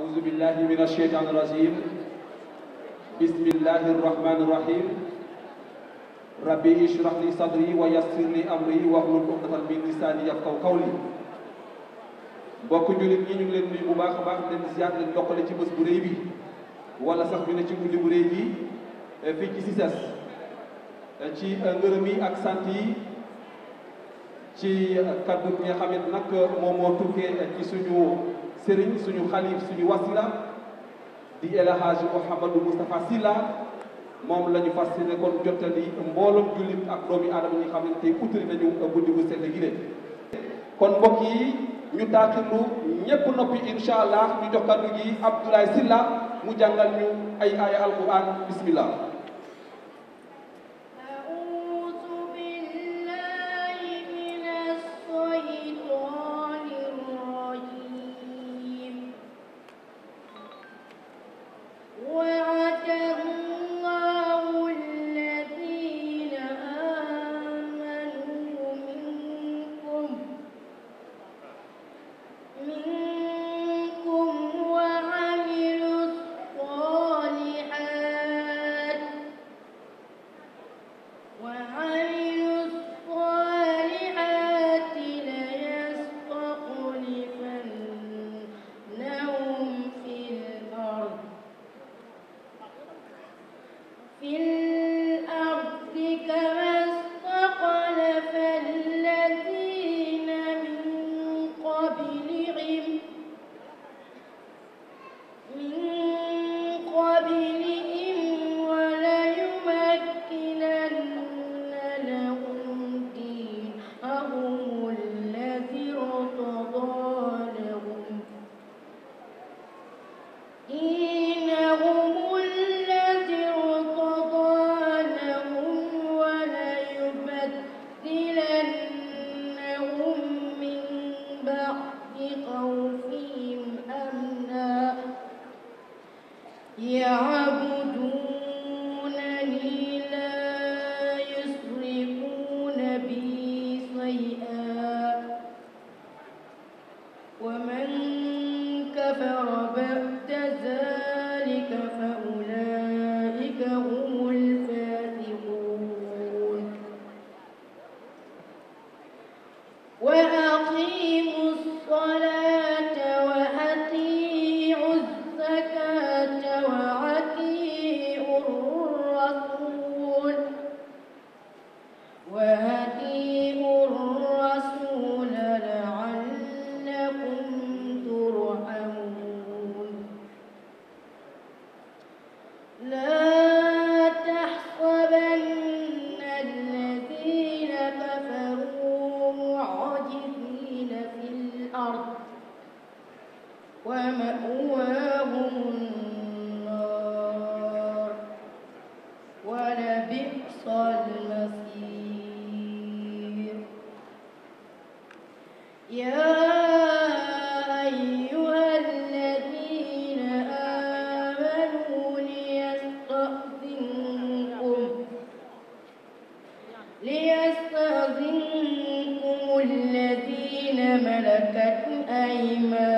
أعوذ بالله من الشيطان الرجيم بسم الله الرحمن الرحيم ربي اشرح لي صدري ويسر لي امري واحلل عقده من لساني يفقهوا قولي بوكو جوليت ني نغي لن نوي بو باخ باخ لن زياد لن دوخال سي بس بو ريبي ولا صاح بينا سي مودي بو ريبي في سي سيساس سي نغرمي اك سانتي سي كادو ني خامت نك مومو توكي سي سونو sëriñ suñu xalif suñu wasila di El Hadji Mouhamadou Moustapha Sylla moom la ñu fas yéene kon jottali mbooloom jullit ak doomi aadama ñi xam ne tey utali nañu guddi gu sell gi de kon mbokk yi ñu taakirlu ñépp noppi incha allah ñu jox kàddu gi Abdoulaye Sylla mu jàngal ñu ay aaya alquran bismillah منكم الذين ملكت أيمانكم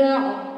the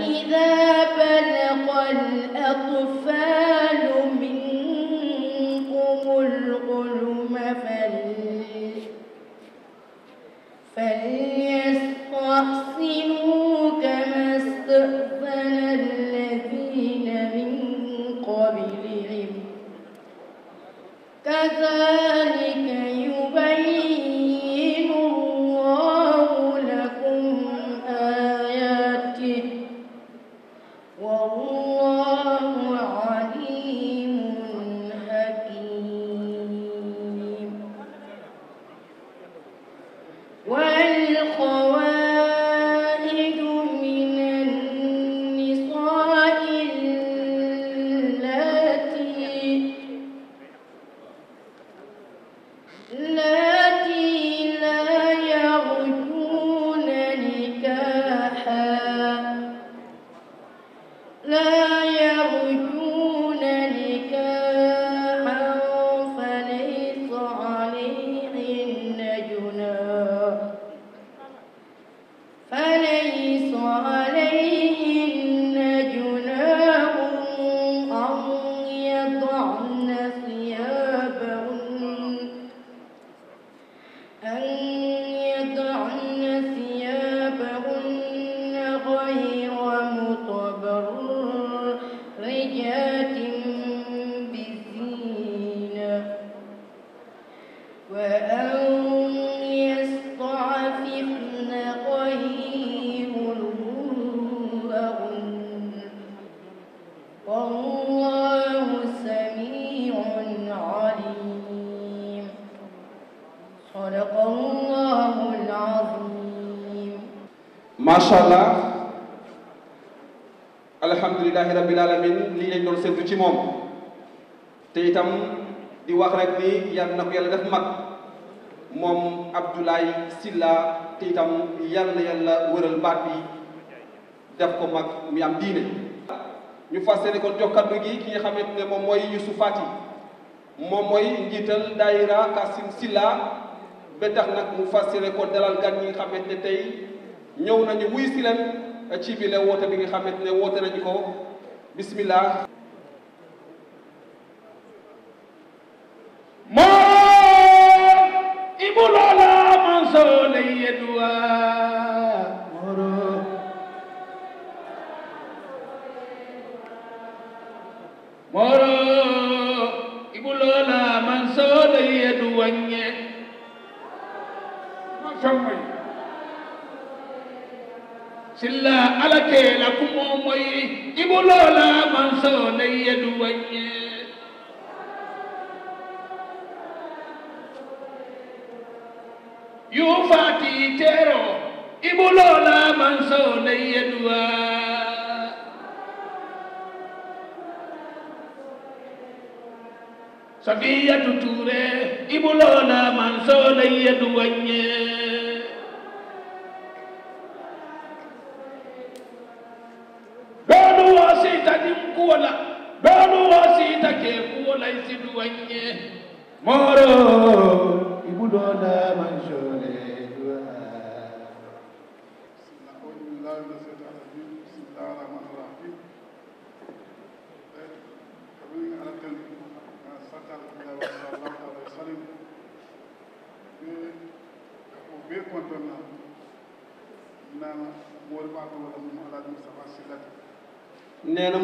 فإذا بلغ الأطفال منكم القلم فلا macha allah alhamdulilahi rabbil alamin lii lañ doon séntu ci moom te itam di wax rek ni yal na ko yàlla def mag moom Abdoulaye Sylla te itam yal yàlla wëral baat bi def ko mag mi am diine ñu fas yéene jox kaddu gi ki nga xamante ne moom mooy Youssouf Fati mom moy njital daayira Kassim silla be tax nak mu fas ko dalal gan ñi nga xamante ne tey ñëw nañu wuy si leen ci bi le woote bi nga xamante bismillah moro ibulola man so le alakee la ku moom mooy ibu loola man soo na yeddu wàññee yu faati teeroo ibu loola man soo na yeddu waa safiyatu tuure ibu loola man soo na yeddu wàññee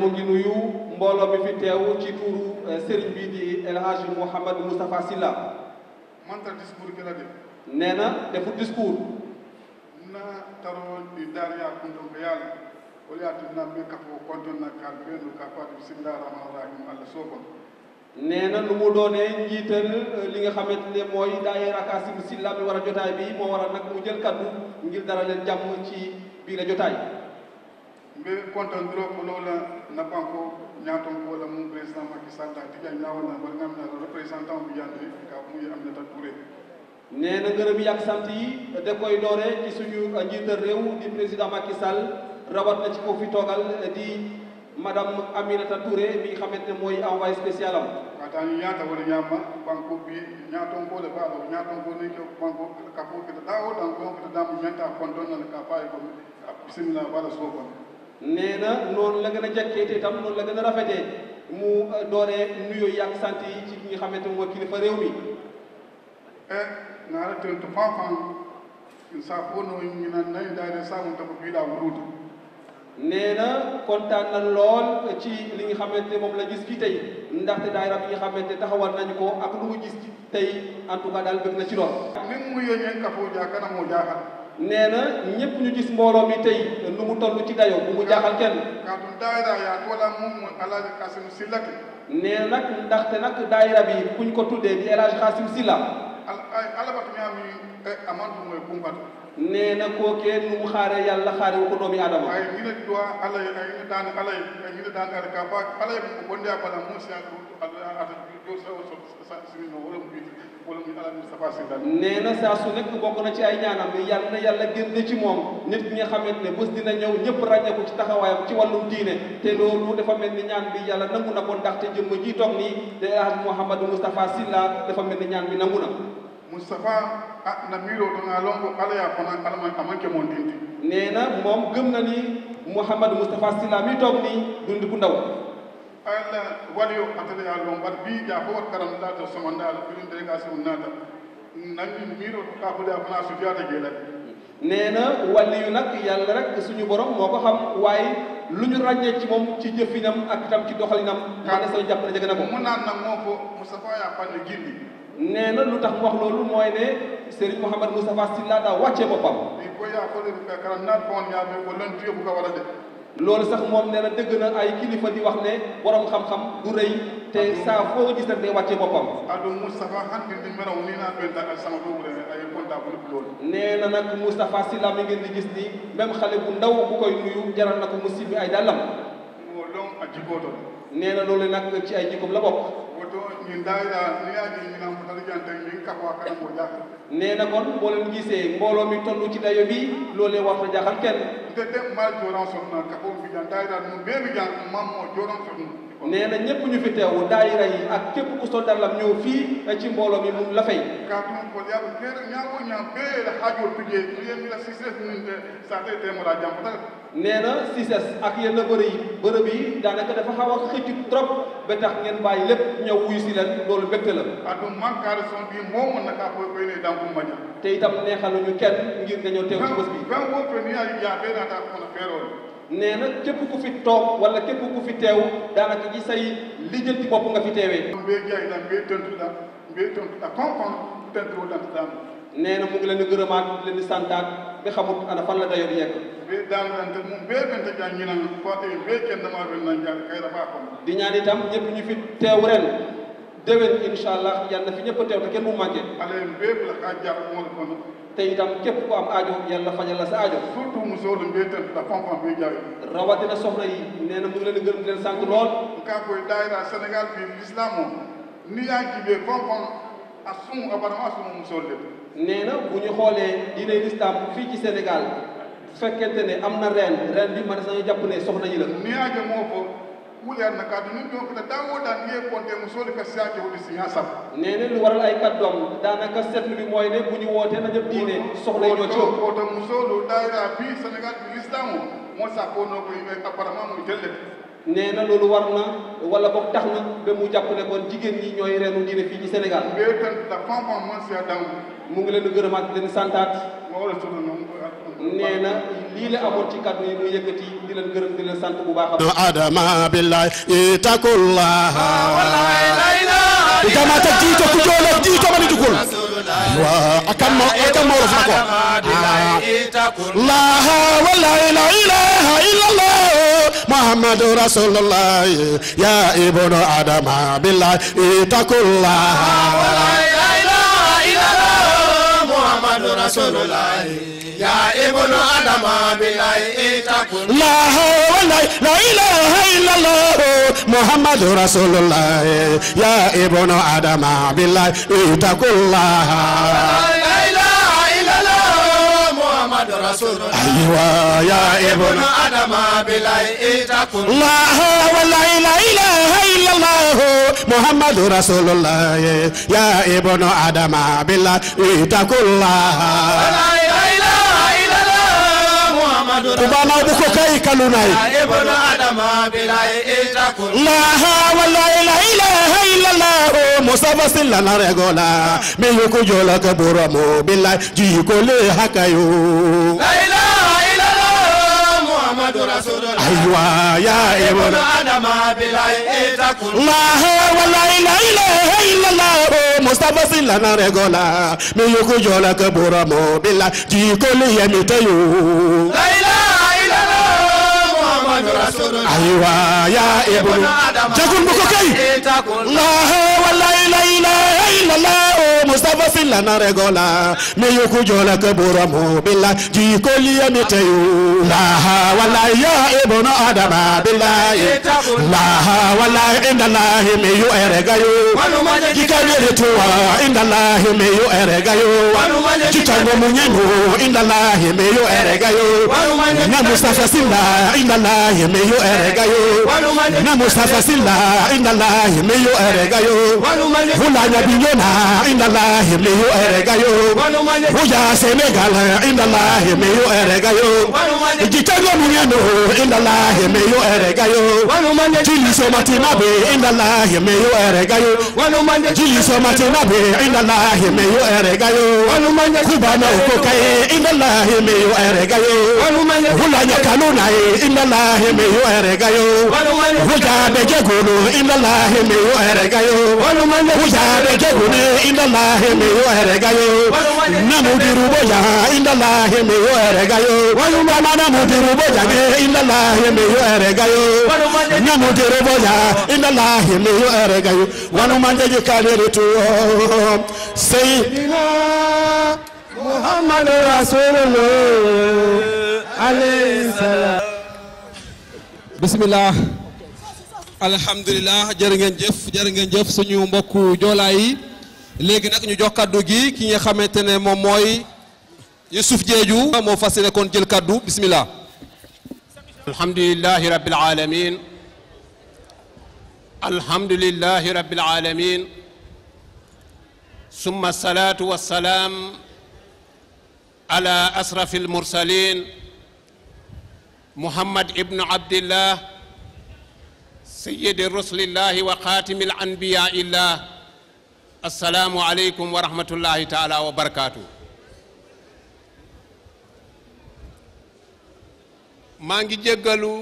mu ngi nuyu mbooloo mi fi teew ci turu eh, sëriñ bi di El Hadj Mouhamadou Moustapha Sylla manta discours ke la def na defu discours na taro ɗi dariya kuntum ko yaala o yaatinnaɓe kafo kontonna nu mu doonee njiital eh, li nga xamante ne mooy daayira Kaasimu Silla mi war a jotaay bi moo a nag mu jël kaddu ngir dara leen jàmm ci biir a jotaay mbe kontondiro ko lowla nafanko ñatonko walla mum président Macky Sall da digal ñawolna wargamnaɗo représentant mo yande ka muye na ngërëm yi ak sant yi da koy doore ci suñu njiital réew di président Macky Sall rawat na ci ko fi toogal di madame ne mooy envoyé spécial am katani ñaata wona ñamma banko bi ñatonkole baɗo ñatonkole ko banko ka fo kete ɗa o ɗan gon kete damo ñanta kon ɗon nana ka fawi ko bisimilla waɗa nee na noonu la gën a jekkee te itam noonu la gën a rafetee mu euh, dooree nuyoo yi ak sant yi ci ki nga xamante moo kilifa réew mi e eh, naara tontu faafan sa fono ñu naan nañ daane saamu na kontaan na lool ci li nga xamante moom la gis fii tey ndaxte daayira bi nga xamante taxawal nañu ko ak lu mu gis tey en daal bëgg na ci lool min mu yooñeen kafoo jaa kana moo jaaxal nee na ñëpp ñu gis mbooloo mi tey lu mu toll ci dayo bu mu jaaxal kenn. kaatum daayira yaa toola moom mooy El nee nag ndaxte nag daayira bi kuñ ko tuddee di El Hadj Kassim Silla. yu amantu nee na kookee nu mu xaare yàlla xaare wu ko doomi aadama. ay ñu ne doy nee na saa su nekk bokk na ci ay ñaanam yi yàlla na yàlla génne ci moom nit ñi nga xamante ne bés dina ñëw ñëpp ràññeeku ci taxawaayam ci wàllum diine te loolu dafa mel ni ñaan bi yàlla nangu na ko ndaxte jëmm ji toog nii de Alhaji Mouhamadou Moustapha Sylla dafa mel ni ñaan bi nangu na Moustapha ah, na miiroo to ngaa lonko ala ye a fana alama a man ke moon dinti nee na moom gëm na ni Mouhamadou Moustapha Sylla mi toog nii dundi ku ndaw alla waɗoyo matérial on mbaɗa mbiiɗa fof wat karam laato soma ndaala ɗum délégation naata nangi miiro kafude a fana sufiyata jeelati nee na wàlli yu nag yàlla rek suñu borom moo ko xam waaye lu ñu ràññee ci moom ci jëfinam ak itam ci doxalinam maa ne solo jàpp na jege na ko mu naan nag moo ko Moustapha yaa fànn gindi nee na lu tax mu wax loolu mooy ne Serigne Mouhamed Moustapha Sylla daa wàccee boppam i ko yaa fole karam naat ko on ñaaɓe ko lantuyo ko ka waɗa de loolu sax moom nee na dëgg na ay kilifa di wax ne borom xam-xam du rëy te saa foo gis nag day wàcce boppam. ado Moustapha xandir di meraw nii naa benn ak sama boobu de ay kontaan bu lépp loolu. nee na nag Moustapha Sylla mi ngeen di gis nii même xale bu ndaw bu koy nuyu jaral na ko mu sibbi ay dàllam. moo doom ak jikooto. nee na loolu nag la bokk. woto ñun daay nee na kon boo leen gisee mbooloo mi toll ci dayo bi loolee warta jaaxal kenn nee na ñëpp ñu fi teew daayira yi ak képp ku soldar lam ñëw fii ci mbooloo mi mun la fay nee na CICES ak yenn bërëb yi bërëb yi daanaka dafa xaw a xëcc trop ba tax ngeen bàyyi lépp ñëw wuyu si leen loolu mbégte la. adum ah, mankaale son bi moo mën na te itam neexaluñu kenn ngir nga ñëw teew ci bés bi. vingt nee na képp ku fi toog wala képp ku fi teew daanaka ci say lijjanti bopp nga fi teewee. mbé jaay la mbé tontu la mbé tontu la comprendre tontu la nee na mu ngi leen di gërëmaat leen di santaat. bi xamut ana a la dayoo di yegg ɓe daalnante mum ɓe ɓen te jangginan koɗe ɓe kendemaɓe nan jaade kayra fa kom di ñaan itam ñëpp ñu fi teew ren déwén incha allah yal fi ñëpp teew te kenn mu manqué te itam képp ku am aajo yàlla fajal la sa aajo surtout mu soxla mbéy tam la fonfon bi jaay rawatina soxna yi nee na mu ngi leen di gërëm leen sant lool ka koy daayira Sénégal bi l'islam moom ni yaa jibee fonfon assumu abadan assumu musool lépp nee na bu ñu xoolee diine lislaam fii ci Sénégal fekkente ne am na ren reen bi man sañu jàpp ne soxna yi la niaje moo fo wuleer na kàddu nun ñoo ko te daawoo daan yee konte musooli ka saake wudi si ñaa sab nee na lu waral ay kàddoom daanaka seetlu bi mooy ne bu ñu wootee na jëm diine soxna yi ñoo ci ëpp oto musoolu daayira bii Sénégal bi lislaamu moo sàkkoo noo ko yi ngay apparemment muy jëllet nee loolu war na wala boog tax na mu jàpp ne jigéen ñi ñooy reenu diine fii ci Sénégal. mu ngi leen di gërëmaat leen santaat. Euh, nee lii la amoon ci kàddu yi muy yëkkati di leen gërëm di leen sant bu baax a. adama billahi itakullah. jamaa teg jiito ku jooloog jiito ma ni dugul. waaw akan moo akan moo raf na ko. laa wala ilaha محمد رسول الله يا ابن آدم بالله اتقوا الله ولا إله إلا الله محمد رسول الله يا ابن آدم بالله اتقوا الله ولا لا إله إلا الله محمد رسول الله يا ابن آدم بالله اتقوا الله أيوة يا ابن آدم بلاي تكون الله ولا إله إلا الله محمد رسول الله يا ابن آدم بلاي تكون الله ولا إله إلا الله محمد رسول الله يا ابن آدم بلاي تكون الله ولا إله إلا الله Mustafa silla la regola mi yu ko jola ka boramo billahi ji ko le hakayo la ilaha illallah muhammadu rasulullah aywa ya ibnu adama billahi itakun la wala ilaha illallah Mustafa silla la regola mi yu ko jola ka boramo billahi ji ko le yemitayo la ilaha aywa ya ibnu jagun bu ko kay la wala illallah o Mustafa Sylla na regola mi yuku jola ka buramu billa ji koli ya mitayu la wala ya ibnu adama billahi la wala inda lahi mi yu eregayo jikanere tuwa inda lahi mi yu mi e yu eregayo e na Mustafa Sylla inda lahi mi yu eregayo na Mustafa Sylla inda lahi الله ميو ارغايو ويا سنغال عند الله ميو ارغايو جيتاغو مينو عند الله ميو ارغايو جيلي سوماتي نابي عند الله ميو ارغايو جيلي سوماتي نابي عند الله ميو ارغايو كوبانا وكوكاي عند الله ميو ارغايو ولا يكالونا عند الله ميو ارغايو ويا بجغولو عند الله ميو ارغايو ويا بجغولو عند الله الله مي يهرغايو نمدير بوجا عند الله مي يهرغايو وما نمدير بوجا عند الله مي يهرغايو نمدير بوجا عند الله مي يهرغايو ونما نجي كاليرتو سيدنا محمد رسول الله عليه السلام بسم الله alhamdulilah jërë ngeen jëf jërë ngeen jëf suñu mbokku joolaa yi légui nak ñu jox kaddu gi ki nga xamantene mom moy yusuf jeju mo moo kon jël kaddu bismillah alhamdulillahi rabbil alamin alhamdulillahi rabbil alamin summa salatu wassalam ala asrafil mursalin muhammad ibnu abdillah sayyidi rasulillahi wa xaatimi al anbiya illah asalaamu aleykum wa rahmatullahi taala wa barakaatu. maa ngi jéggalu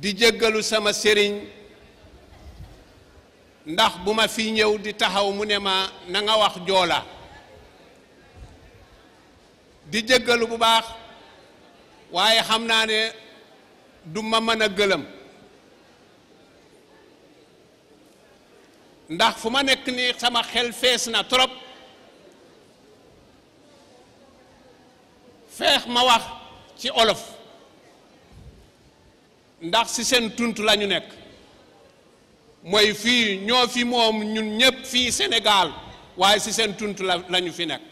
di jéggalu sama sëriñ ndax bu ma fi ñëw di taxaw mu ne ma nanga wax joola di jéggalu bu baax waaye xam naa ne du ma mën a gëlëm ndax fu ma nekk nii sama xel fees na trop feex ma wax ci olof ndax si seen tunt lañu nekk mooy fii ñoo fi moom ñun ñëpp fii Sénégal waaye si seen tunt la la fi nekk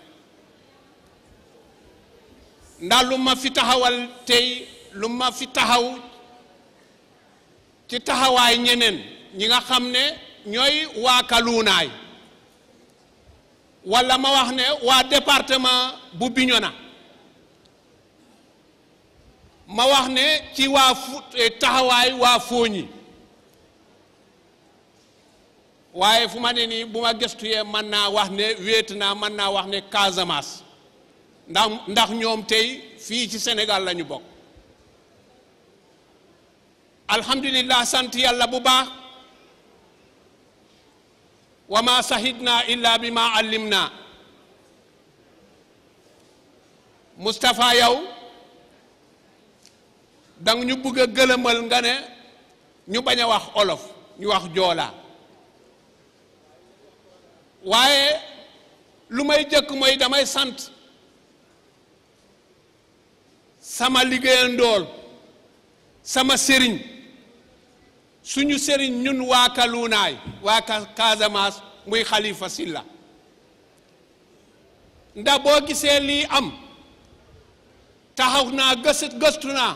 ndax lu ma fi taxawal tey lu ma fi taxaw ci taxawaay ñeneen ñi nga xam ne ñooy waa Kaluunaay walla ma wax ne waa département bu Bignona ma wax ne ci waa fu eh, taxawaay waa Fooñi waaye fu ma ne nii bu ma gëstuyee mën naa wax ne wéet naa mën naa wax ne Casamance ndax ndax ñoom tey fii ci Sénégal lañu ñu bokk alhamdulillah sant yàlla bu baax wama ma sahidna illa bi ma allimna Moustapha yow dang ñu bugg a gëlëmal nga ne ñu bañ a wax olof ñu wax joolaa waaye lu may jëkk mooy damay sant sama liggéeyandool sama sëriñ suñu sëriñ ñun waa Kalunaay waa Casamance muy Khalifa Silla ndax boo gisee lii am taxaw naa gëstu gëstu naa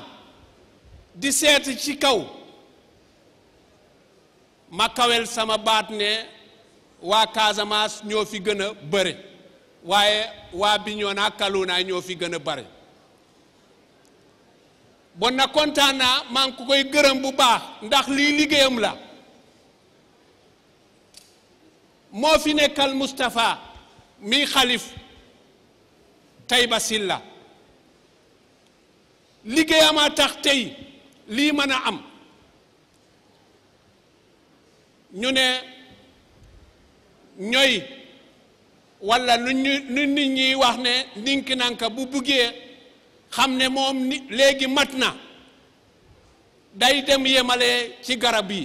di seet ci kaw ma kawel sama baat ne waa Casamance ñoo fi gën a bëre waaye waa Bignona ak Kalunaay ñoo fi gën a bëre bon na content na maa ngi koy gërëm bu baax ndax lii liggéeyam la moo fi nekkal Moustapha mi xalif tayba Silla liggéeyama tax tey lii mën a am ñu ne ñooy wala lu ñu nit ñi wax ne ninki nanka bu buggee xam ne moom ni léegi mat na day dem yemale ci garab yi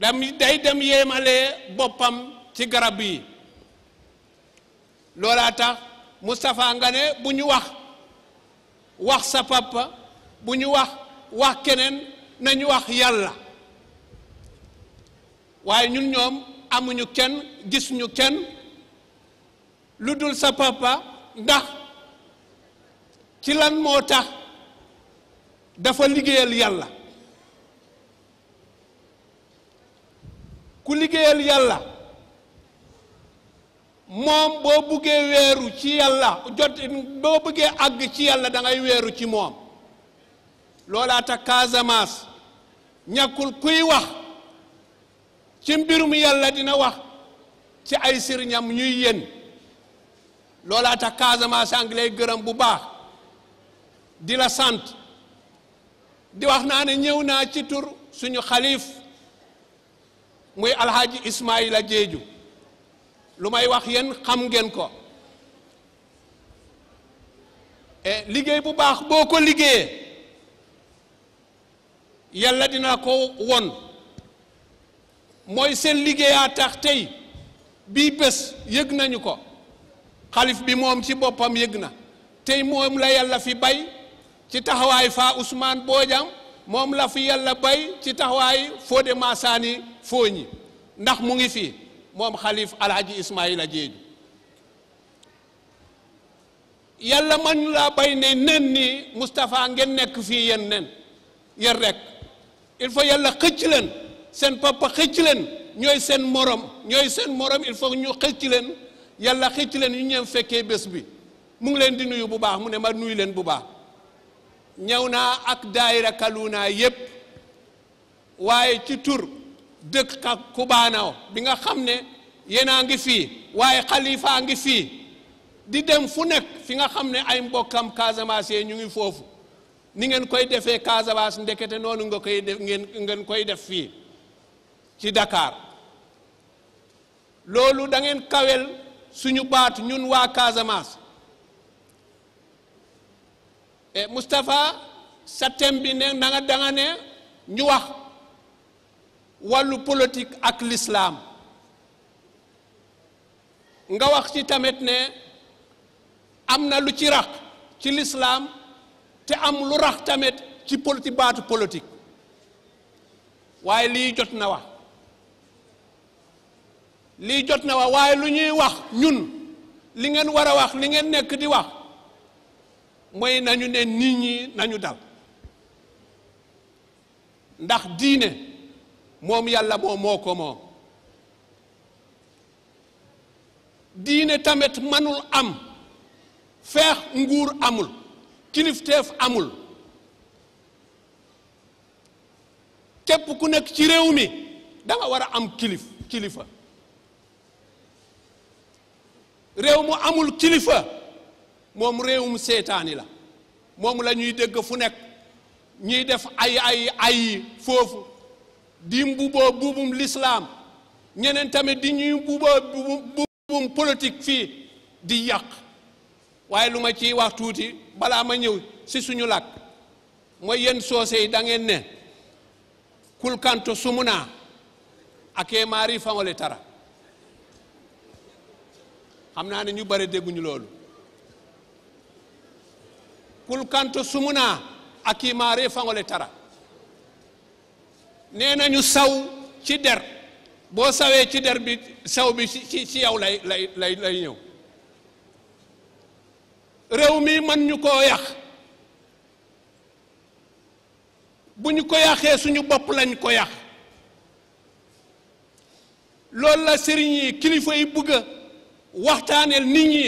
dam day dem yemale boppam ci garab yi loolaa tax Moustapha nga ne bu ñu wax wax sa papa bu ñu wax wax keneen nañu wax yàlla waaye ñun ñoom amuñu kenn gisuñu kenn lu dul sa papa ndax ci lan moo tax dafa liggéeyal yàlla ku liggéeyal yàlla moom boo buggee weeru ci yàlla jot boo buggee àgg ci yàlla da ngay weeru ci moom loolaa tax Casamance ñàkkul kuy wax ci mbirum yàlla dina wax ci ay sirñam ñuy yéen loolaa tax Casamance angi gërëm bu baax di la sant di wax naa ne ñëw naa ci tur suñu xalif muy alxaaji Ismaïla Jeeju lu may wax yéen xam ngeen ko liggéey bu baax boo ko liggéeyee yàlla dina ko won mooy seen liggéeyaa tax tey bii bés yëg nañu ko xalif bi moom ci boppam yëg na tey moom la yàlla fi bay ci taxawaay faa Ousmane Bodiang moom laf fi yàlla bay ci taxawaay Fodé foo Fogni ndax mu ngi fi moom xalif alhaji Ismaïla Diédhiou yàlla man laa bay ne nen ni Moustapha ngeen nekk fii yéen nen yéen rek il faut yàlla xëcc leen seen papa xëcc leen ñooy seen morom ñooy seen morom il faut ñu xëcc leen yàlla xëcc leen ñu ñëw fekkee bés bi mu ngi leen di nuyu bu baax mu ne ma nuyu leen bu baax ñëw na ak daayira Kaluna yépp waaye ci tur dëkk ak Kubaanaaw bi nga xam ne yéenaa ngi fii waaye xalifaa ngi fi di dem fu nekk fi nga xam ne ay mbokkam Casamance ñu ngi foofu ni ngeen koy defee Casamance ndekete noonu nga koy def ngeen ngeen koy def fii ci Dakar loolu da ngeen kawel suñu baat ñun waa Casamance e Moustapha sa thème bi ne na nga ne ñu wax wàllu politique ak lislaam nga wax ci tamit ne am na lu ci rax ci l'islam te am lu rax tamit ci politique baatu politique waaye lii jot na wax lii jot na wax waaye lu ñuy wax ñun li ngeen war a wax li ngeen nekk di wax mooy nañu ne nit ñi nañu dal ndax diine moom yàlla moom moo ko moom diine tamit manul am feex nguur amul kilifteef amul képp ku nekk ci réew mi da war a am kilif kilifa réew mu amul kilifa moom réewum seetaani la moom la ñuy dégg fu nekk ñuy def ay ay ay foofu di mbubboo buubum lislaam ñeneen tamit di ñuy mbubboo buubum politique fii di yàq waaye lu ma ciy wax tuuti balaa ma ñëw si suñu làkk mooy yenn soose yi da ngeen ne kulkanto sumunaa akee maari faŋole tara xam naa ne ñu bare dégguñu loolu kulkanto sumuna akimare faŋole tara nee nañu saw ci der boo sawee ci der bi saw bi ci ci yow lay lay lay lay ñëw réew mi mën ñu koo yàq bu ñu ko yàqee suñu bopp lañ ko yàq loolu la sëriñ kilifa yi bëgg a waxtaaneel nit ñi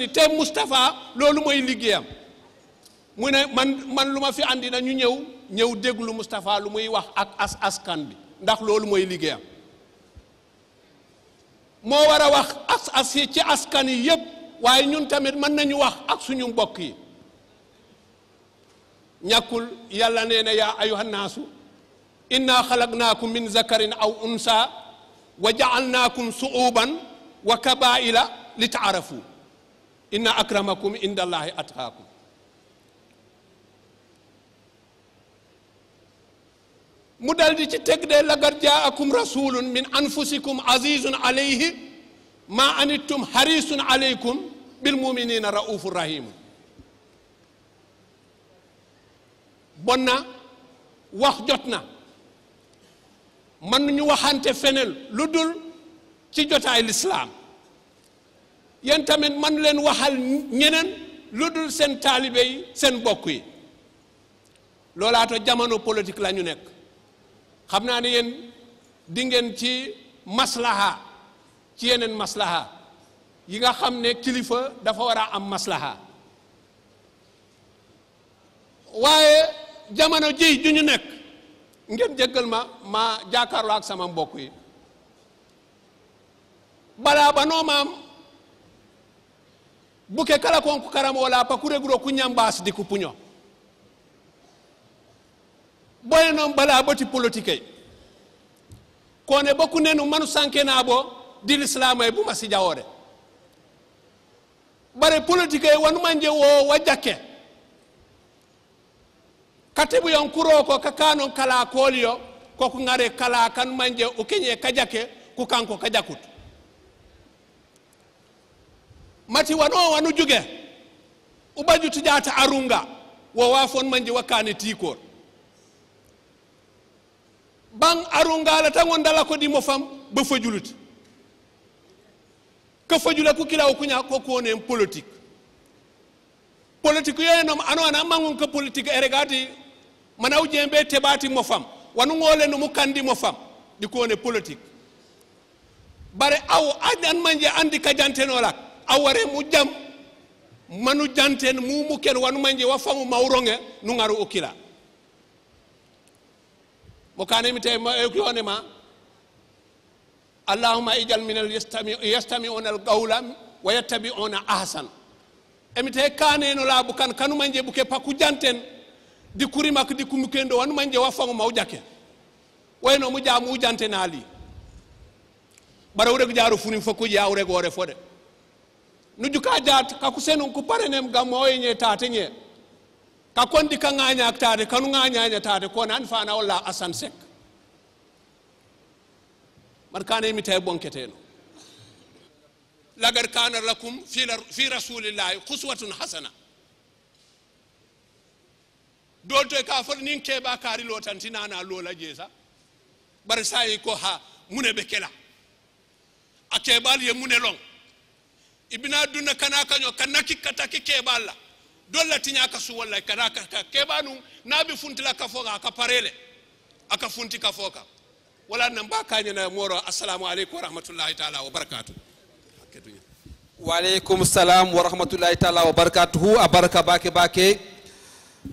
yi te Moustapha loolu mooy liggéeyam mu ne man man lu ma fi andi na ñu ñëw ñëw déglu Moustapha lu muy wax ak as askan bi ndax loolu mooy liggéeyam moo war a wax as as yi ci askan yi yépp waaye ñun tamit mën nañu wax ak suñu mbokk yi ñàkkul yàlla nee na yaa ayuha naasu inna xalaqnaakum min zakarin aw unsa wa jaalnaakum suuban wa kabaila li taarafu inna akramakum inda allahi mu dal di ci teg de laqad jaakum rasulun min anfusikum azizun alayhi ma anittum harisun alaykum bil muminina raufu rahim bon na wax jot na mën ñu waxante feneen lu dul ci jotaay lislaam yéen tamit man leen waxal ñeneen lu dul seen taalibe seen bokk yi loolaata jamono politique la ñu nekk xam naa ni yéen dingeen ci maslaha ci yeneen maslaha yi nga xam ne kilifa dafa war a am maslaha waaye jamono ji ju ñu nekk ngeen jéggal ma ma jàkkaarloo ak sama mbokk yi balaa ba noo maam buke kala konku karam wala pa kureguro kuñambaas di ku puño boyanon bala boti politique kone boku nenu manu sankenaɓo dil islam bu e buma si jawore bare politique e wanumanje wo wa jakke katibu yon kuro ko ka kanon kala ko koko ngare kala kan manje o kenye ka jakke ku kanko ka jakut mati wano wanu juge ubaju tijata arunga wo wafon manje wakane tikor ban arungalata gondala ko dimo fam be fojuluti ko fojula ku kilawo kuña ko konen politique politique yoyenom anona mangun ko politique ere gati manaw jembe teɓati mo fam wanu ngole no mu kandi mo fam ɗi kone politique bare aw adan manje andi ka jantenolak aware mu jam manu janten mumuken wanu manje wa famu mawronge nu ngaru o mo kanemi tawi ma yone eh, ma allahuma ijal minal yastamiuna al qawla wa yattabiuna ahsan emi tawi kaneno laabu kan kanumanje ɓuke pakku janten dikkuri makko dikkumukendo wanumanje waffango maw jake wayno mo jaamu ujantene haali bara wurego jaaro funin fokkuji ya wurego fode nuju ka jaat kaku senon ko parenem gammo oyeñe tateñe ka kondi ka ŋaña ak taade kanu ŋañaña taade konan fana walla asan sek mar kana yimi tawi bonketeno lagar kana lakum fi rasulillahi huswatun hasana dolto e ka fot nin keɓa kaari lo nana loola jeesa bari sayi e ko ha mune ɓe kela a keɓal ye mune lon ibina dunna kana kaño kanna kikkataki keɓal la dolla tiña ka su wallay kana ka keɓanum naɓe funtila kafo ka aka parele aka funti kafo ka wala nan ba kañana moro assalamu aleykum wa rahmatullahi taala wa barakatu waaleykum salam wa rahmatullahi taala wa barakatuhu a baraka bake bake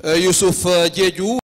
eh, yusuf eh, jeeju